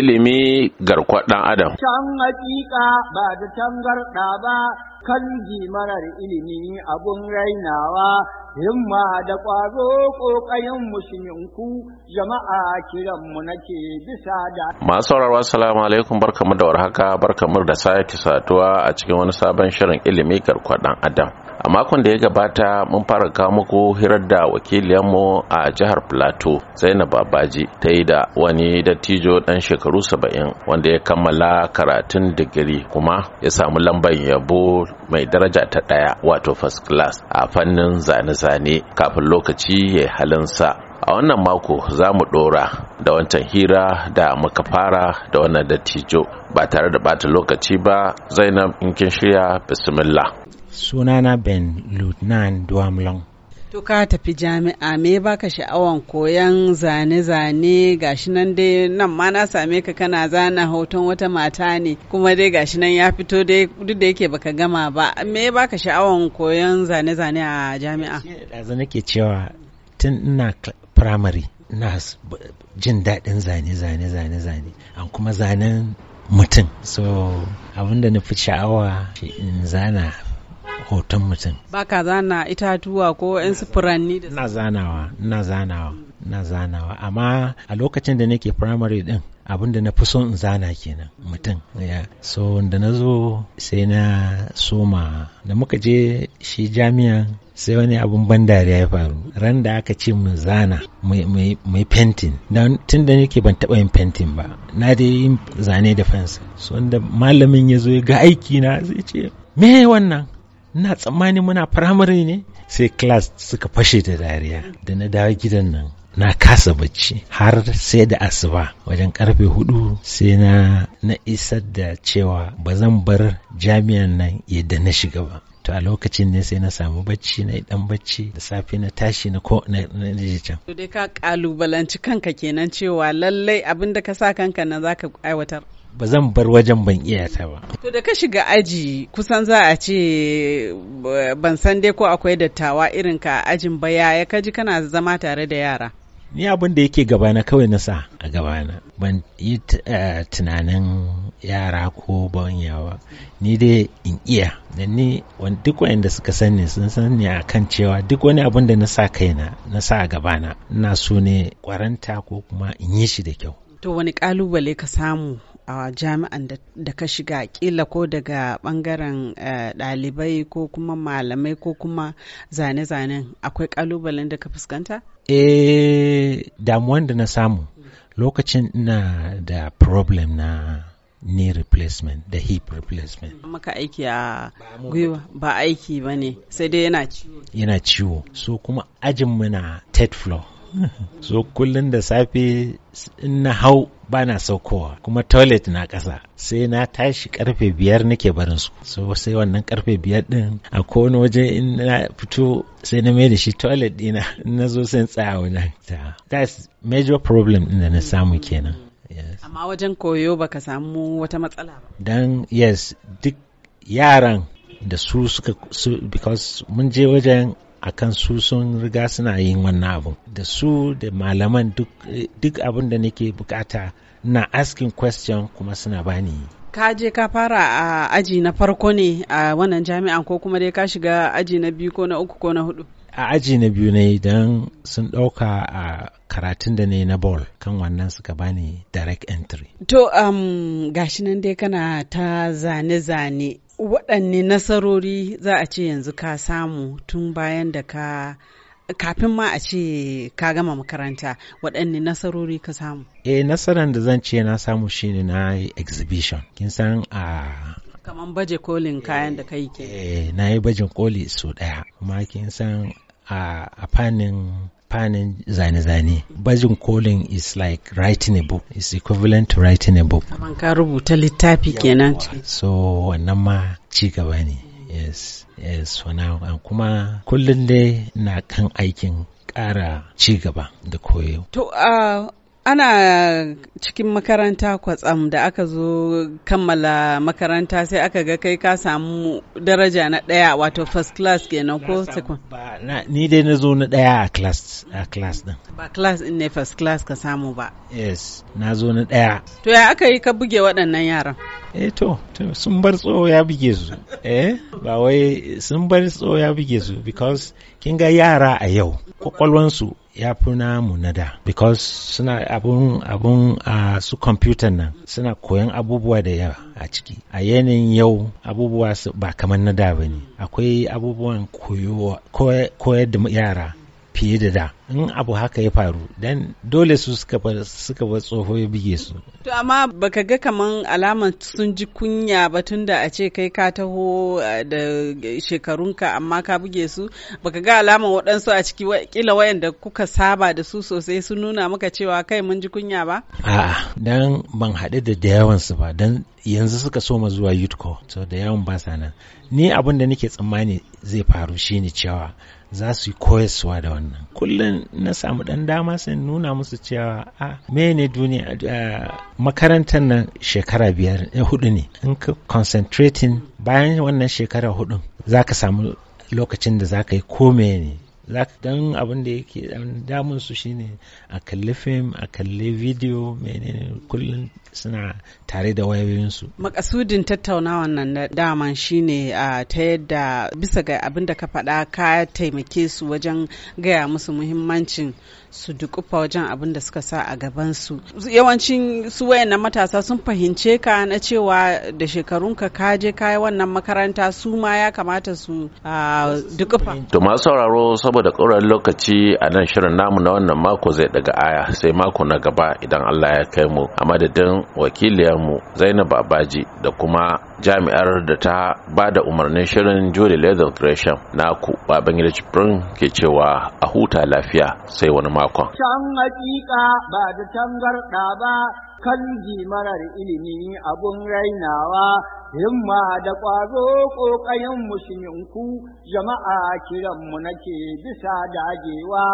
ilimi garkwar ɗan adam. Can hakika ba da garɗa ba kan marar ilimi abun rainawa himma da ƙwazo ƙoƙarin musulunku jama'a kiranmu nake bisa da. Masu sauraro assalamu alaikum barkamu da warhaka barkamu da sake saduwa a cikin wani sabon shirin ilimi garkwar ɗan adam. a makon da ya gabata mun fara kawo muku hirar da wakiliyanmu a jihar plateau zainab babaji ta yi da wani dattijo dan shekaru saba'in wanda ya kammala karatun digiri kuma ya samu lambar yabo mai daraja ta ɗaya wato first class a fannin zane-zane kafin lokaci ya halinsa a wannan mako za mu ɗora da wancan hira da muka fara da wannan dattijo ba tare da bata lokaci ba zainab in kin shirya bismillah sunana ben lutnan duamlong to ka tafi jami'a me baka sha'awan koyan zane-zane gashi nan dai nan ma na same ka kana zana hoton wata mata ne kuma dai gashi nan ya fito dai duk da yake baka gama ba me baka sha'awan koyan zane-zane a jami'a ɗazu nake cewa tun ina primary na jin daɗin zane-zane zane-zane an kuma zanen mutum so abinda na fi sha'awa in zana hoton mutum ba ka zana itatuwa ko yan furanni da na zanawa na zanawa na zanawa amma a lokacin da nake primary din abin da na fi son in zana kenan mutum ya so da na zo sai na soma da muka je shi jami'a sai wani abin ban dariya ya faru ran da aka ce mu zana mai fentin don tun da nake ban taba yin fentin ba na da yin zane da fansa so da malamin ya zo ga aiki na zai ce me wannan na tsammani muna firamare ne sai class suka fashe da dariya da na dawo gidan nan na kasa bacci har sai da asuba wajen karfe hudu sai na na isar da cewa ba zan bar jami'an nan yadda na shiga ba to a lokacin ne sai na samu bacci na dan bacci da safe na tashi na ko na je can to dai ka kalubalanci kanka kenan cewa lallai abin da ka sa kanka za zaka aiwatar ba zan bar wajen ban iya ta ba. To da ka shiga aji kusan za a ce ban san dai ko akwai dattawa irin ka ajin ba ya ka kana zama tare da yara. Ni abin da yake gabana kawai na sa a gabana ban yi eh, tunanin yara ko ban yawa ni dai in iya da ni duk wanda suka san sani sun san ni a kan cewa duk wani abin da na sa kaina na sa a gabana ina so ne kwaranta ko kuma in yi shi da kyau. To wani kalubale ka samu a jami'an da ka shiga kila ko daga bangaren eh, ɗalibai ko kuma malamai ko kuma zane-zanen akwai kalubalen da ka fuskanta? eh damuwan da na samu lokacin ina da problem na knee replacement da hip replacement maka aiki a gwiwa ba aiki ba ne sai dai yana ciwo yana ciwo so kuma ajin muna third floor so kullum da safe in na hau ba na saukowa kuma toilet na ƙasa sai na tashi karfe biyar nake barin su so sai wannan karfe biyar din a kowane waje in na fito sai na mai da shi toilet dina na zo sai tsaya wajen ta that's major problem din da na samu kenan amma wajen koyo baka samu wata matsala ba dan yes duk yaran da su suka su because mun je wajen akan su sun riga suna yin wannan abun da su da malaman duk abin da nake bukata na asking question kuma suna bani ka je ka fara a aji na farko ne a wannan jami'an ko kuma dai ka shiga aji na biyu ko na uku ko na hudu a aji na biyu ne don sun ɗauka a karatun da ne na ball kan wannan suka bani direct entry. To um, gashi nan dai kana ta zane-zane waɗanne nasarori za a ce yanzu ka samu tun bayan da ka kafin ma a ce ka gama makaranta waɗanne nasarori ka samu E, eh, nasarar da zan ce na samu shine na exhibition kin san a kamar baje kolin kayan da kai ke eh, na yi bajin koli su ɗaya kuma kin san a fannin fannin zane-zane bajin kolin is like writing a book is equivalent to writing a book ka rubuta littafi kenan so wannan ma ci gaba ne yes yes wannan kuma kullum dai na kan aikin ƙara ci gaba da koyo to uh, ana cikin makaranta kwatsam da aka zo kammala makaranta sai aka ga kai ka samu daraja na ɗaya wato first class kenan ko second ba ni dai na zo na ɗaya a class a class din ba class in ne first class ka samu ba yes na zo na ɗaya to ya aka yi ka buge waɗannan yaran eh to sun bar tso ya buge su eh ba wai sun bar tso ya buge su because kin ga yara a yau kwakwalwansu ya fi namu na da because suna abun abun a su kwamfutan nan suna koyan abubuwa da yawa a ciki a yanayin yau abubuwa ba kamar na da ba ne akwai abubuwan koyar da yara fiye da da in abu haka ya faru dan dole su suka bar tsoho ya buge su to amma baka ga kaman alaman sun ji kunya ba tunda a ce kai ka taho eh, da shekarunka amma ka buge su baka ga alaman waɗansu a ciki kila wayanda kuka saba da su sosai sun nuna maka cewa kai mun ji kunya ba a'a dan ban haɗu da da yawan su ba dan yanzu suka so ma zuwa yutko so da yawan ba sa nan ni abin da nake tsammani zai faru shine cewa za su yi koyaswa da wannan kullum na samu ɗan dama sai nuna musu cewa a mene duniya makarantar nan shekara biyar eh, hudu ne in ka concentrating bayan wannan shekara hudun za ka samu lokacin da za ka yi ko ne dan abin da yake damun su shine a kalli fim a kalli video menene kullum suna tare da wayoyinsu makasudin tattaunawan nan da daman shine a ta yadda bisa ga abin da ka faɗa ka taimake su wajen gaya musu muhimmancin su dukufa wajen abin da suka sa a gabansu yawancin su wayannan matasa sun fahimce ka na cewa da shekarunka ka je kayi wannan makaranta su ma ya kamata su ah, dukufa to masu sauraro saboda ƙoran lokaci a nan shirin namu na wannan mako zai daga aya sai mako na gaba idan Allah ya kai mu a madadin wakiliyarmu Zainab Babaji da kuma jami'ar da ta ba da umarnin shirin Julie Leather creation na ku Babangida ke cewa a huta lafiya sai wani mako makon. Can hakika ba da tangarɗa ba kan marar ilimi abun rainawa himma da ƙwazo ƙoƙayen musulminku jama'a kiranmu nake bisa dagewa.